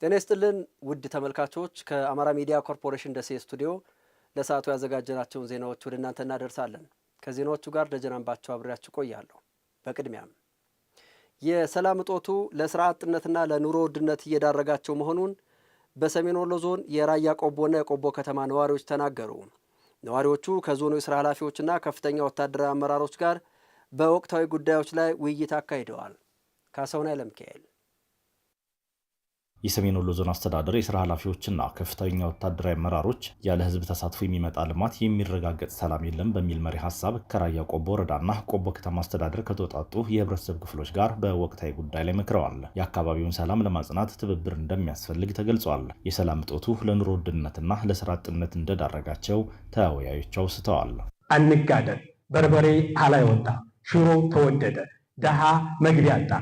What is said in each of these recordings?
ጤና ይስጥልን ውድ ተመልካቾች፣ ከአማራ ሚዲያ ኮርፖሬሽን ደሴ ስቱዲዮ ለሰዓቱ ያዘጋጀናቸውን ዜናዎች ወደ እናንተ እናደርሳለን። ከዜናዎቹ ጋር ደጀናንባቸው አብሬያችሁ ቆያለሁ። በቅድሚያም የሰላም እጦቱ ለስራ አጥነትና ለኑሮ ውድነት እየዳረጋቸው መሆኑን በሰሜን ወሎ ዞን የራያ ቆቦና የቆቦ ከተማ ነዋሪዎች ተናገሩ። ነዋሪዎቹ ከዞኑ የስራ ኃላፊዎችና ከፍተኛ ወታደራዊ አመራሮች ጋር በወቅታዊ ጉዳዮች ላይ ውይይት አካሂደዋል። ካሳሁን ኃይለሚካኤል የሰሜን ወሎ ዞን አስተዳደር የስራ ኃላፊዎችና ከፍተኛ ወታደራዊ አመራሮች ያለ ህዝብ ተሳትፎ የሚመጣ ልማት የሚረጋገጥ ሰላም የለም በሚል መሪ ሀሳብ ከራያ ቆቦ ወረዳና ቆቦ ከተማ አስተዳደር ከተወጣጡ የህብረተሰብ ክፍሎች ጋር በወቅታዊ ጉዳይ ላይ መክረዋል። የአካባቢውን ሰላም ለማጽናት ትብብር እንደሚያስፈልግ ተገልጿል። የሰላም እጦቱ ለኑሮ ውድነትና ለስራ አጥነት እንደዳረጋቸው ተወያዮች አውስተዋል። አንጋደል፣ በርበሬ አላይ ወጣ፣ ሽሮ ተወደደ፣ ደሃ መግቢያ አጣ።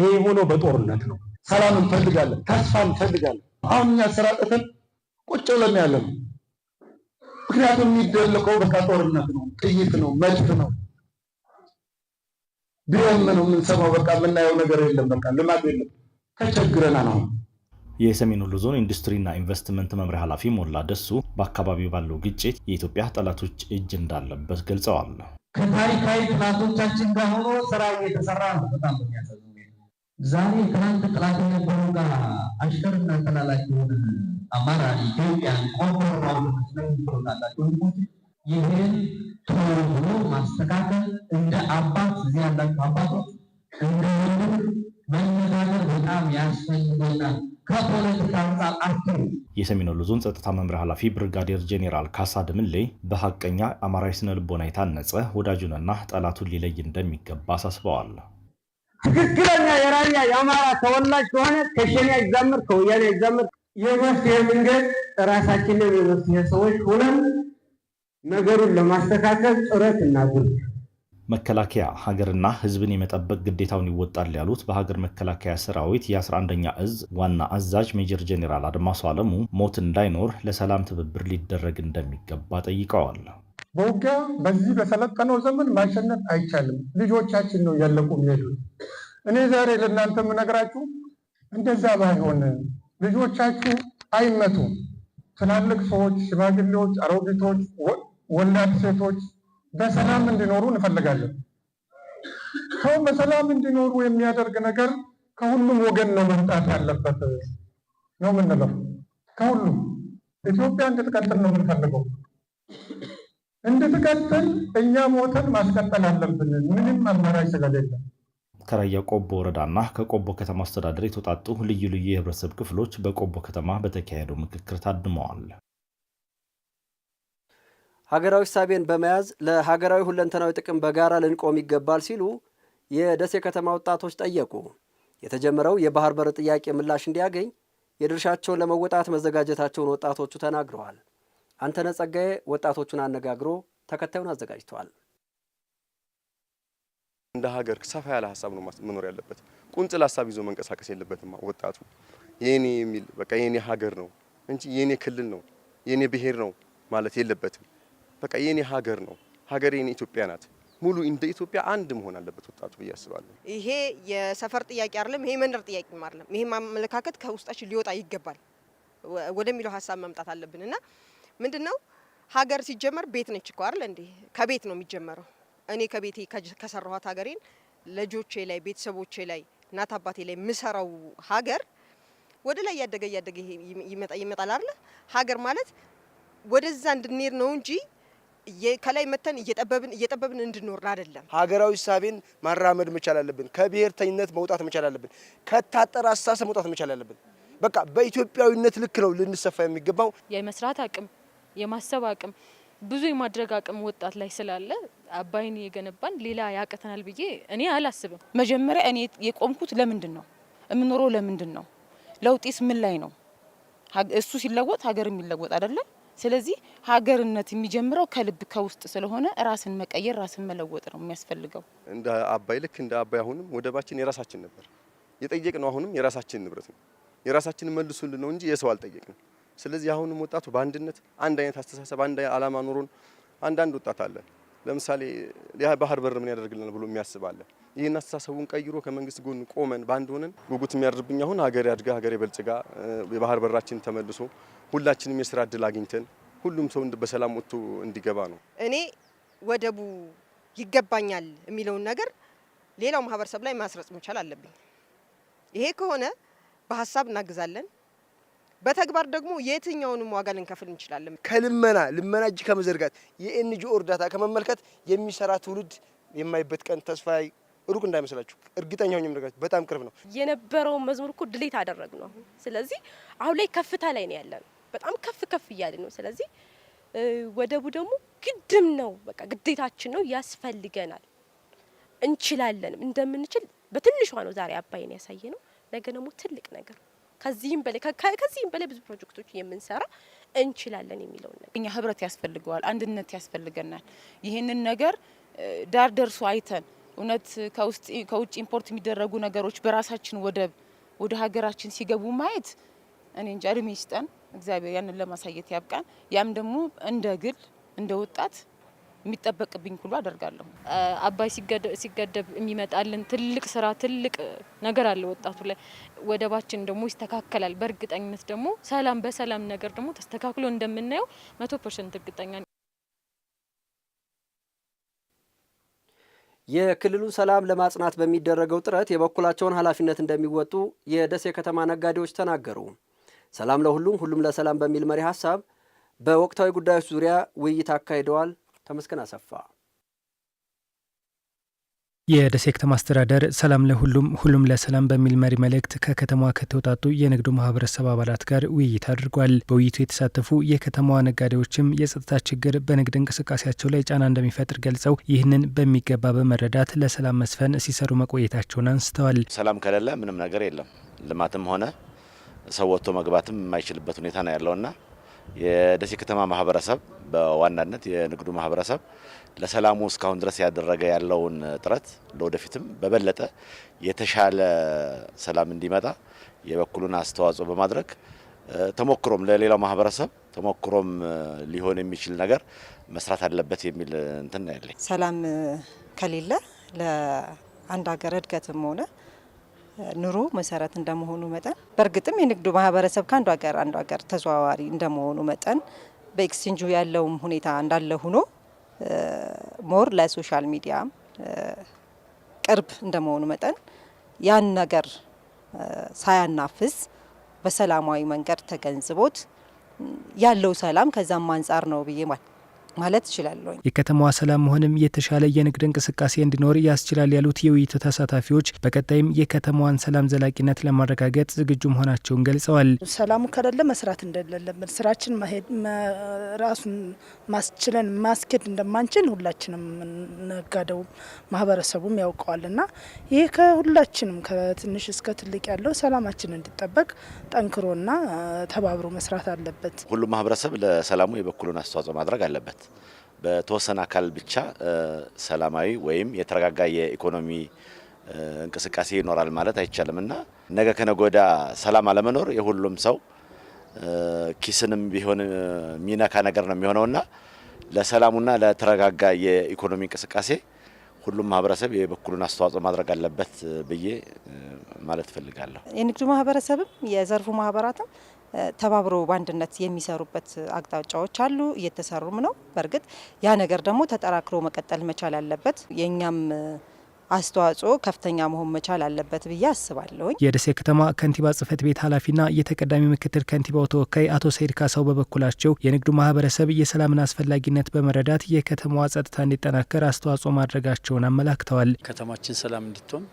ይሄ የሆነው በጦርነት ነው። ሰላም እንፈልጋለን፣ ተስፋ እንፈልጋለን። አሁን እኛ ስራ ጥተን ቁጭ ብለን ያለ ነው። ምክንያቱም የሚደለቀው በቃ ጦርነት ነው፣ ጥይት ነው፣ መድፍ ነው፣ ቢሆን ነው የምንሰማው። በቃ የምናየው ነገር የለም፣ በቃ ልማት የለም። ተቸግረናል አሁን የሰሜን ወሎ ዞን ኢንዱስትሪና ኢንቨስትመንት መምሪያ ኃላፊ ሞላ ደሱ በአካባቢው ባለው ግጭት የኢትዮጵያ ጠላቶች እጅ እንዳለበት ገልጸዋል። ከታሪካዊ ጥናቶቻችን ጋር ሆኖ ስራ እየተሰራ ነው። በጣም ዛሬ ትናንት ጥላት የነበሩ ጋር አሸርና ተላላኪውን አማራ ኢትዮጵያን ቆሮማውስላይታላቸው ወንድሞች ይህን ቶሎ ብሎ ማስተካከል እንደ አባት እዚህ ያላችሁ አባቶች እንደ ወንድም መነጋገር በጣም ያስፈልገናል። የሰሜን ወሎ ዞን ጸጥታ መምሪያ ኃላፊ ብርጋዴር ጄኔራል ካሳ ድምሌ በሀቀኛ አማራዊ ስነ ልቦና የታነጸ ወዳጁንና ጠላቱን ሊለይ እንደሚገባ አሳስበዋል። ትክክለኛ የራያ የአማራ ተወላጅ ከሆነ ከሸኔ አይዛምር፣ ከወያኔ አይዛምር። የመፍትሄ መንገድ ራሳችንን የመፍትሄ ሰዎች ሆነን ነገሩን ለማስተካከል ጥረት እናድርግ። መከላከያ ሀገርና ሕዝብን የመጠበቅ ግዴታውን ይወጣል ያሉት በሀገር መከላከያ ሰራዊት የ11ኛ እዝ ዋና አዛዥ ሜጀር ጄኔራል አድማሱ አለሙ ሞት እንዳይኖር ለሰላም ትብብር ሊደረግ እንደሚገባ ጠይቀዋል። በውጊያ በዚህ በሰለጠነው ዘመን ማሸነፍ አይቻልም። ልጆቻችን ነው ያለቁ የሚሄዱት። እኔ ዛሬ ለእናንተ የምነግራችሁ እንደዛ ባይሆን ልጆቻችሁ አይመቱ። ትላልቅ ሰዎች፣ ሽማግሌዎች፣ አሮጊቶች፣ ወላድ ሴቶች በሰላም እንዲኖሩ እንፈልጋለን። ሰው በሰላም እንዲኖሩ የሚያደርግ ነገር ከሁሉም ወገን ነው መምጣት ያለበት ነው የምንለው። ከሁሉም ኢትዮጵያ እንድትቀጥል ነው የምንፈልገው። እንድትቀጥል እኛ ሞተን ማስቀጠል አለብን። ምንም አማራጭ ስለሌለ ከራያ ቆቦ ወረዳና ከቆቦ ከተማ አስተዳደር የተውጣጡ ልዩ ልዩ የህብረተሰብ ክፍሎች በቆቦ ከተማ በተካሄደው ምክክር ታድመዋል። ሀገራዊ ሳቤን በመያዝ ለሀገራዊ ሁለንተናዊ ጥቅም በጋራ ልንቆም ይገባል ሲሉ የደሴ ከተማ ወጣቶች ጠየቁ። የተጀመረው የባህር በር ጥያቄ ምላሽ እንዲያገኝ የድርሻቸውን ለመወጣት መዘጋጀታቸውን ወጣቶቹ ተናግረዋል። አንተነ ጸጋዬ ወጣቶቹን አነጋግሮ ተከታዩን አዘጋጅተዋል። እንደ ሀገር ሰፋ ያለ ሀሳብ ነው መኖር ያለበት። ቁንጽል ሀሳብ ይዞ መንቀሳቀስ የለበትም ወጣቱ። የኔ የሚል በቃ የኔ ሀገር ነው እንጂ የኔ ክልል ነው የኔ ብሔር ነው ማለት የለበትም። በቃ የኔ ሀገር ነው፣ ሀገር የኔ ኢትዮጵያ ናት። ሙሉ እንደ ኢትዮጵያ አንድ መሆን አለበት ወጣቱ ብዬ አስባለሁ። ይሄ የሰፈር ጥያቄ አይደለም፣ ይሄ መንደር ጥያቄ አይደለም። ይሄ አመለካከት ከውስጣችን ሊወጣ ይገባል ወደሚለው ሀሳብ መምጣት አለብንና ምንድነው ሀገር ሲጀመር ቤት ነች እኮ አይደል እንዴ? ከቤት ነው የሚጀመረው። እኔ ከቤቴ ከሰራኋት ሀገሬን ልጆቼ ላይ ቤተሰቦቼ ላይ እናት አባቴ ላይ የምሰራው ሀገር ወደ ላይ እያደገ እያደገ ይመጣል አይደለ? ሀገር ማለት ወደዛ እንድንሄድ ነው እንጂ ከላይ መተን እየጠበብን እየጠበብን እንድንኖር አይደለም። ሀገራዊ ሳቤን ማራመድ መቻል አለብን። ከብሔርተኝነት መውጣት መቻል አለብን። ከታጠረ አስተሳሰብ መውጣት መቻል አለብን። በቃ በኢትዮጵያዊነት ልክ ነው ልንሰፋ የሚገባው የመስራት አቅም የማሰብ አቅም ብዙ የማድረግ አቅም ወጣት ላይ ስላለ አባይን የገነባን ሌላ ያቅተናል ብዬ እኔ አላስብም። መጀመሪያ እኔ የቆምኩት ለምንድን ነው የምኖረው? ለምንድን ነው ለውጤስ ምን ላይ ነው? እሱ ሲለወጥ ሀገር የሚለወጥ አይደለም። ስለዚህ ሀገርነት የሚጀምረው ከልብ ከውስጥ ስለሆነ ራስን መቀየር ራስን መለወጥ ነው የሚያስፈልገው። እንደ አባይ ልክ እንደ አባይ አሁንም ወደባችን የራሳችን ነበር የጠየቅ ነው። አሁንም የራሳችን ንብረት ነው የራሳችን መልሱልን ነው እንጂ የሰው አልጠየቅንም። ስለዚህ አሁንም ወጣቱ በአንድነት አንድ አይነት አስተሳሰብ፣ አንድ ዓላማ ኑሮን አንዳንድ ወጣት አለ ለምሳሌ ያ ባህር በር ምን ያደርግልናል ብሎ የሚያስባለ ይህን አስተሳሰቡን ቀይሮ ከመንግስት ጎን ቆመን በአንድ ሆነን ጉጉት የሚያድርብኝ አሁን ሀገር ያድጋ፣ ሀገር በልጽጋ፣ የባህር በራችን ተመልሶ ሁላችንም የስራ እድል አግኝተን ሁሉም ሰው በሰላም ወጥቶ እንዲገባ ነው። እኔ ወደቡ ይገባኛል የሚለውን ነገር ሌላው ማህበረሰብ ላይ ማስረጽ መቻል አለብኝ። ይሄ ከሆነ በሀሳብ እናግዛለን፣ በተግባር ደግሞ የትኛውንም ዋጋ ልንከፍል እንችላለን። ከልመና ልመና እጅ ከመዘርጋት የኤንጂኦ እርዳታ ከመመልከት የሚሰራ ትውልድ የማይበት ቀን ተስፋ ሩቅ እንዳይመስላችሁ እርግጠኛ ሆኜ የምነግራችሁ በጣም ቅርብ ነው። የነበረውን መዝሙር እኮ ድሌት አደረግ ነው። ስለዚህ አሁን ላይ ከፍታ ላይ ነው ያለ ነው። በጣም ከፍ ከፍ እያለ ነው። ስለዚህ ወደቡ ደግሞ ግድም ነው፣ በቃ ግዴታችን ነው፣ ያስፈልገናል፣ እንችላለንም። እንደምንችል በትንሿ ነው ዛሬ አባይን ያሳየ ነው፣ ነገ ደግሞ ትልቅ ነገር ነው። ከዚህም በላይ ከዚህም በላይ ብዙ ፕሮጀክቶች የምንሰራ እንችላለን የሚለውን ነገር እኛ ህብረት ያስፈልገዋል፣ አንድነት ያስፈልገናል። ይህንን ነገር ዳር ደርሶ አይተን እውነት ከውጭ ኢምፖርት የሚደረጉ ነገሮች በራሳችን ወደብ ወደ ሀገራችን ሲገቡ ማየት እኔ እንጃ እድሜ ይስጠን እግዚአብሔር ያንን ለማሳየት ያብቃን። ያም ደግሞ እንደ ግል እንደ ወጣት የሚጠበቅብኝ ሁሉ አደርጋለሁ። አባይ ሲገደብ የሚመጣልን ትልቅ ስራ ትልቅ ነገር አለ ወጣቱ ላይ። ወደባችን ደግሞ ይስተካከላል። በእርግጠኝነት ደግሞ ሰላም በሰላም ነገር ደግሞ ተስተካክሎ እንደምናየው መቶ ፐርሰንት እርግጠኛ ነኝ። የክልሉ ሰላም ለማጽናት በሚደረገው ጥረት የበኩላቸውን ኃላፊነት እንደሚወጡ የደሴ ከተማ ነጋዴዎች ተናገሩ። ሰላም ለሁሉም ሁሉም ለሰላም በሚል መሪ ሀሳብ በወቅታዊ ጉዳዮች ዙሪያ ውይይት አካሂደዋል። ተመስገን አሰፋ የደሴ ከተማ አስተዳደር ሰላም ለሁሉም ሁሉም ለሰላም በሚል መሪ መልእክት ከከተማዋ ከተውጣጡ የንግዱ ማህበረሰብ አባላት ጋር ውይይት አድርጓል። በውይይቱ የተሳተፉ የከተማዋ ነጋዴዎችም የጸጥታ ችግር በንግድ እንቅስቃሴያቸው ላይ ጫና እንደሚፈጥር ገልጸው ይህንን በሚገባ በመረዳት ለሰላም መስፈን ሲሰሩ መቆየታቸውን አንስተዋል። ሰላም ከሌለ ምንም ነገር የለም። ልማትም ሆነ ሰው ወጥቶ መግባትም የማይችልበት ሁኔታ ነው ያለውና የደሴ ከተማ ማህበረሰብ በዋናነት የንግዱ ማህበረሰብ ለሰላሙ እስካሁን ድረስ ያደረገ ያለውን ጥረት ለወደፊትም በበለጠ የተሻለ ሰላም እንዲመጣ የበኩሉን አስተዋጽኦ በማድረግ ተሞክሮም ለሌላው ማህበረሰብ ተሞክሮም ሊሆን የሚችል ነገር መስራት አለበት የሚል እንትን ያለኝ። ሰላም ከሌለ ለአንድ ሀገር እድገትም ሆነ ኑሮ መሰረት እንደመሆኑ መጠን በእርግጥም የንግዱ ማህበረሰብ ከአንዱ ሀገር አንዱ ሀገር ተዘዋዋሪ እንደመሆኑ መጠን በኤክስቼንጁ ያለውም ሁኔታ እንዳለ ሆኖ ሞር ለሶሻል ሚዲያ ቅርብ እንደመሆኑ መጠን ያን ነገር ሳያናፍስ በሰላማዊ መንገድ ተገንዝቦት ያለው ሰላም ከዛም አንጻር ነው ብዬ ማለት ማለት እችላለሁ። የከተማዋ ሰላም መሆንም የተሻለ የንግድ እንቅስቃሴ እንዲኖር ያስችላል ያሉት የውይይቱ ተሳታፊዎች በቀጣይም የከተማዋን ሰላም ዘላቂነት ለማረጋገጥ ዝግጁ መሆናቸውን ገልጸዋል። ሰላሙ ከሌለ መስራት እንደሌለብን ስራችን ራሱን ማስችለን ማስኬድ እንደማንችል ሁላችንም ነጋደው ማህበረሰቡም ያውቀዋል እና ይህ ከሁላችንም ከትንሽ እስከ ትልቅ ያለው ሰላማችን እንዲጠበቅ ጠንክሮና ተባብሮ መስራት አለበት። ሁሉም ማህበረሰብ ለሰላሙ የበኩሉን አስተዋጽኦ ማድረግ አለበት። በተወሰነ አካል ብቻ ሰላማዊ ወይም የተረጋጋ የኢኮኖሚ እንቅስቃሴ ይኖራል ማለት አይቻልም እና ነገ ከነጎዳ ሰላም አለመኖር የሁሉም ሰው ኪስንም ቢሆን የሚነካ ነገር ነው የሚሆነውና ለሰላሙና ለተረጋጋ የኢኮኖሚ እንቅስቃሴ ሁሉም ማህበረሰብ የበኩሉን አስተዋጽኦ ማድረግ አለበት ብዬ ማለት እፈልጋለሁ። የንግዱ ማህበረሰብም የዘርፉ ማህበራትም ተባብሮ በአንድነት የሚሰሩበት አቅጣጫዎች አሉ፣ እየተሰሩም ነው። በእርግጥ ያ ነገር ደግሞ ተጠራክሮ መቀጠል መቻል አለበት። የእኛም አስተዋጽኦ ከፍተኛ መሆን መቻል አለበት ብዬ አስባለሁኝ። የደሴ ከተማ ከንቲባ ጽህፈት ቤት ኃላፊና የተቀዳሚ ምክትል ከንቲባው ተወካይ አቶ ሰይድ ካሳው በበኩላቸው የንግዱ ማህበረሰብ የሰላምን አስፈላጊነት በመረዳት የከተማዋ ጸጥታ እንዲጠናከር አስተዋጽኦ ማድረጋቸውን አመላክተዋል። ከተማችን ሰላም እንድትሆን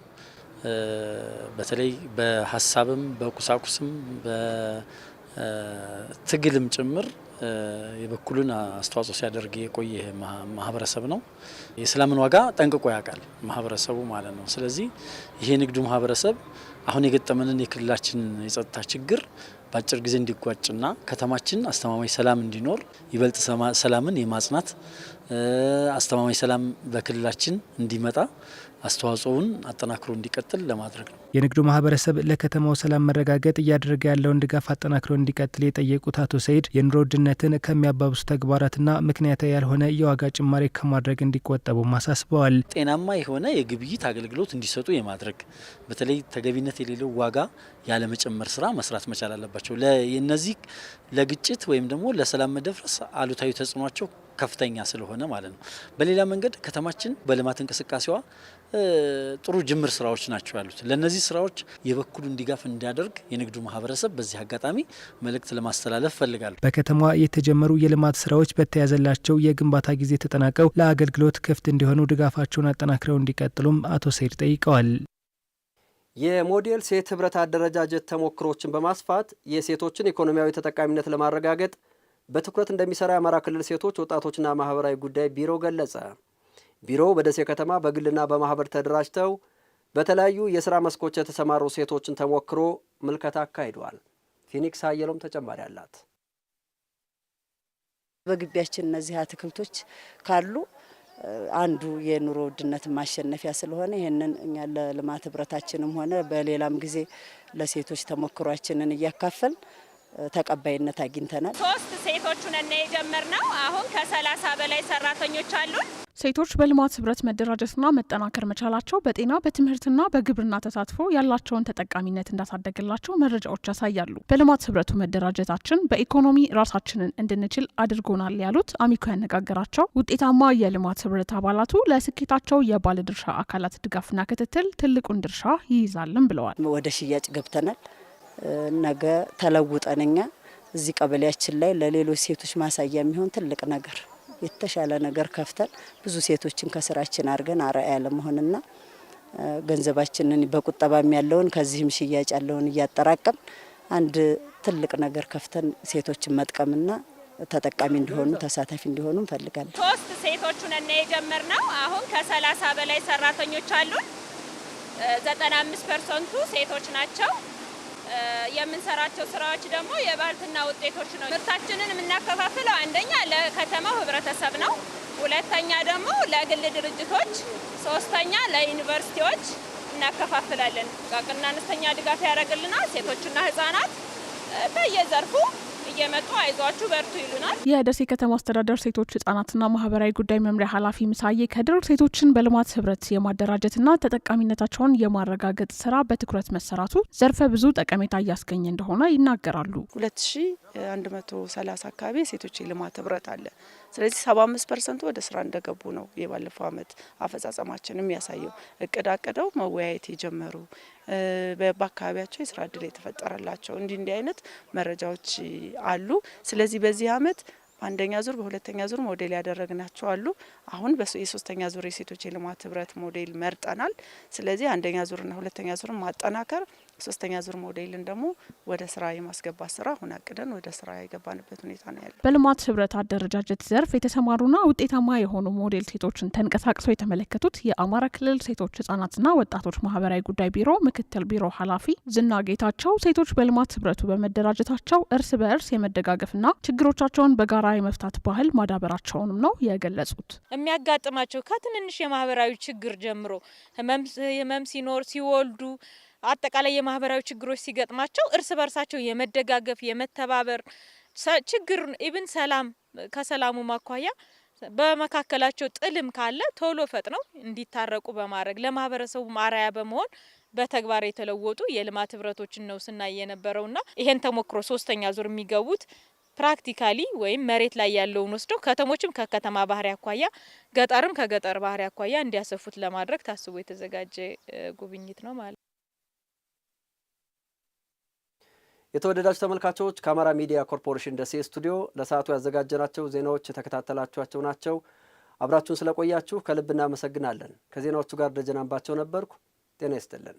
በተለይ በሀሳብም በቁሳቁስም በትግልም ጭምር የበኩሉን አስተዋጽኦ ሲያደርግ የቆየ ማህበረሰብ ነው። የሰላምን ዋጋ ጠንቅቆ ያውቃል ማህበረሰቡ ማለት ነው። ስለዚህ ይሄ ንግዱ ማህበረሰብ አሁን የገጠመንን የክልላችን የጸጥታ ችግር በአጭር ጊዜ እንዲጓጭና ከተማችን አስተማማኝ ሰላም እንዲኖር ይበልጥ ሰላምን የማጽናት አስተማማኝ ሰላም በክልላችን እንዲመጣ አስተዋጽኦውን አጠናክሮ እንዲቀጥል ለማድረግ ነው። የንግዱ ማህበረሰብ ለከተማው ሰላም መረጋገጥ እያደረገ ያለውን ድጋፍ አጠናክሮ እንዲቀጥል የጠየቁት አቶ ሰይድ የኑሮ ውድነትን ከሚያባብሱ ተግባራትና ምክንያታዊ ያልሆነ የዋጋ ጭማሪ ከማድረግ እንዲቆጠቡም አሳስበዋል። ጤናማ የሆነ የግብይት አገልግሎት እንዲሰጡ የማድረግ በተለይ ተገቢነት የሌለው ዋጋ ያለመጨመር ስራ መስራት መቻል አለባቸው። እነዚህ ለግጭት ወይም ደግሞ ለሰላም መደፍረስ አሉታዊ ተጽዕኗቸው ከፍተኛ ስለሆነ ማለት ነው። በሌላ መንገድ ከተማችን በልማት እንቅስቃሴዋ ጥሩ ጅምር ስራዎች ናቸው ያሉት። ለእነዚህ ስራዎች የበኩሉን ድጋፍ እንዲያደርግ የንግዱ ማህበረሰብ በዚህ አጋጣሚ መልእክት ለማስተላለፍ ፈልጋለሁ። በከተማዋ የተጀመሩ የልማት ስራዎች በተያዘላቸው የግንባታ ጊዜ ተጠናቀው ለአገልግሎት ክፍት እንዲሆኑ ድጋፋቸውን አጠናክረው እንዲቀጥሉም አቶ ሰይድ ጠይቀዋል። የሞዴል ሴት ህብረት አደረጃጀት ተሞክሮችን በማስፋት የሴቶችን ኢኮኖሚያዊ ተጠቃሚነት ለማረጋገጥ በትኩረት እንደሚሰራ የአማራ ክልል ሴቶች ወጣቶችና ማህበራዊ ጉዳይ ቢሮ ገለጸ። ቢሮው በደሴ ከተማ በግልና በማህበር ተደራጅተው በተለያዩ የስራ መስኮች የተሰማሩ ሴቶችን ተሞክሮ ምልከታ አካሂዷል። ፊኒክስ አየሎም ተጨማሪ አላት። በግቢያችን እነዚህ አትክልቶች ካሉ አንዱ የኑሮ ውድነት ማሸነፊያ ስለሆነ ይህንን እኛ ለልማት ህብረታችንም ሆነ በሌላም ጊዜ ለሴቶች ተሞክሯችንን እያካፈል ተቀባይነት አግኝተናል። ሶስት ሴቶች ነን ነው አሁን ከሰላሳ በላይ ሰራተኞች አሉን። ሴቶች በልማት ህብረት መደራጀትና መጠናከር መቻላቸው በጤና በትምህርትና በግብርና ተሳትፎ ያላቸውን ተጠቃሚነት እንዳሳደግላቸው መረጃዎች ያሳያሉ። በልማት ህብረቱ መደራጀታችን በኢኮኖሚ ራሳችንን እንድንችል አድርጎናል ያሉት አሚኮ ያነጋገራቸው ውጤታማ የልማት ህብረት አባላቱ ለስኬታቸው የባለድርሻ አካላት ድጋፍና ክትትል ትልቁን ድርሻ ይይዛልን ብለዋል። ወደ ሽያጭ ገብተናል። ነገ ተለውጠን እኛ እዚህ ቀበሌያችን ላይ ለሌሎች ሴቶች ማሳያ የሚሆን ትልቅ ነገር የተሻለ ነገር ከፍተን ብዙ ሴቶችን ከስራችን አድርገን አርአያ ለመሆንና ገንዘባችንን በቁጠባም ያለውን ከዚህም ሽያጭ ያለውን እያጠራቀም አንድ ትልቅ ነገር ከፍተን ሴቶችን መጥቀምና ተጠቃሚ እንዲሆኑ ተሳታፊ እንዲሆኑ እንፈልጋለን። ሶስት ሴቶቹን እና የጀመር ነው። አሁን ከሰላሳ በላይ ሰራተኞች አሉን። ዘጠና አምስት ፐርሰንቱ ሴቶች ናቸው። የምንሰራቸው ስራዎች ደግሞ የባልትና ውጤቶች ነው። ምርታችንን የምናከፋፍለው አንደኛ ለከተማው ህብረተሰብ ነው፣ ሁለተኛ ደግሞ ለግል ድርጅቶች፣ ሶስተኛ ለዩኒቨርሲቲዎች እናከፋፍላለን። ጥቃቅንና አነስተኛ ድጋፍ ያደርግልናል። ሴቶችና ህጻናት በየዘርፉ እየመጡ አይዟችሁ በርቱ ይሉናል። የደሴ ከተማ አስተዳደር ሴቶች ህጻናትና ማህበራዊ ጉዳይ መምሪያ ኃላፊ ምሳዬ ከድር ሴቶችን በልማት ህብረት የማደራጀትና ተጠቃሚነታቸውን የማረጋገጥ ስራ በትኩረት መሰራቱ ዘርፈ ብዙ ጠቀሜታ እያስገኘ እንደሆነ ይናገራሉ። 130 አካባቢ የሴቶች የልማት ህብረት አለ። ስለዚህ 75 ፐርሰንቱ ወደ ስራ እንደገቡ ነው የባለፈው አመት አፈጻጸማችን የሚያሳየው። እቅድ አቅደው መወያየት የጀመሩ በአካባቢያቸው የስራ እድል የተፈጠረላቸው እንዲህ እንዲህ አይነት መረጃዎች አሉ። ስለዚህ በዚህ አመት በአንደኛ ዙር በሁለተኛ ዙር ሞዴል ያደረግናቸው አሉ። አሁን የሶስተኛ ዙር የሴቶች የልማት ህብረት ሞዴል መርጠናል። ስለዚህ አንደኛ ዙርና ሁለተኛ ዙር ማጠናከር ሶስተኛ ዙር ሞዴልን ደግሞ ወደ ስራ የማስገባት ስራ አሁን አቅደን ወደ ስራ የገባንበት ሁኔታ ነው ያለው። በልማት ህብረት አደረጃጀት ዘርፍ የተሰማሩና ውጤታማ የሆኑ ሞዴል ሴቶችን ተንቀሳቅሰው የተመለከቱት የአማራ ክልል ሴቶች ህጻናትና ወጣቶች ማህበራዊ ጉዳይ ቢሮ ምክትል ቢሮ ኃላፊ ዝና ጌታቸው ሴቶች በልማት ህብረቱ በመደራጀታቸው እርስ በእርስ የመደጋገፍና ችግሮቻቸውን በጋራ የመፍታት ባህል ማዳበራቸውንም ነው የገለጹት። የሚያጋጥማቸው ከትንንሽ የማህበራዊ ችግር ጀምሮ ህመም ሲኖር ሲወልዱ አጠቃላይ የማህበራዊ ችግሮች ሲገጥማቸው እርስ በርሳቸው የመደጋገፍ የመተባበር ችግር ኢብን ሰላም ከሰላሙ ማኳያ በመካከላቸው ጥልም ካለ ቶሎ ፈጥነው እንዲታረቁ በማድረግ ለማህበረሰቡ አርአያ በመሆን በተግባር የተለወጡ የልማት ህብረቶችን ነው ስናይ ና ይሄን ተሞክሮ ሶስተኛ ዙር የሚገቡት ፕራክቲካሊ ወይም መሬት ላይ ያለውን ወስደው ከተሞችም ከከተማ ባህሪ አኳያ ገጠርም ከገጠር ባህሪ አኳያ እንዲያሰፉት ለማድረግ ታስቦ የተዘጋጀ ጉብኝት ነው ማለት ነው። የተወደዳችሁ ተመልካቾች ከአማራ ሚዲያ ኮርፖሬሽን ደሴ ስቱዲዮ ለሰዓቱ ያዘጋጀናቸው ዜናዎች የተከታተላችኋቸው ናቸው። አብራችሁን ስለቆያችሁ ከልብ እናመሰግናለን። ከዜናዎቹ ጋር ደጀን ነበርኩ። ጤና ይስጥልን።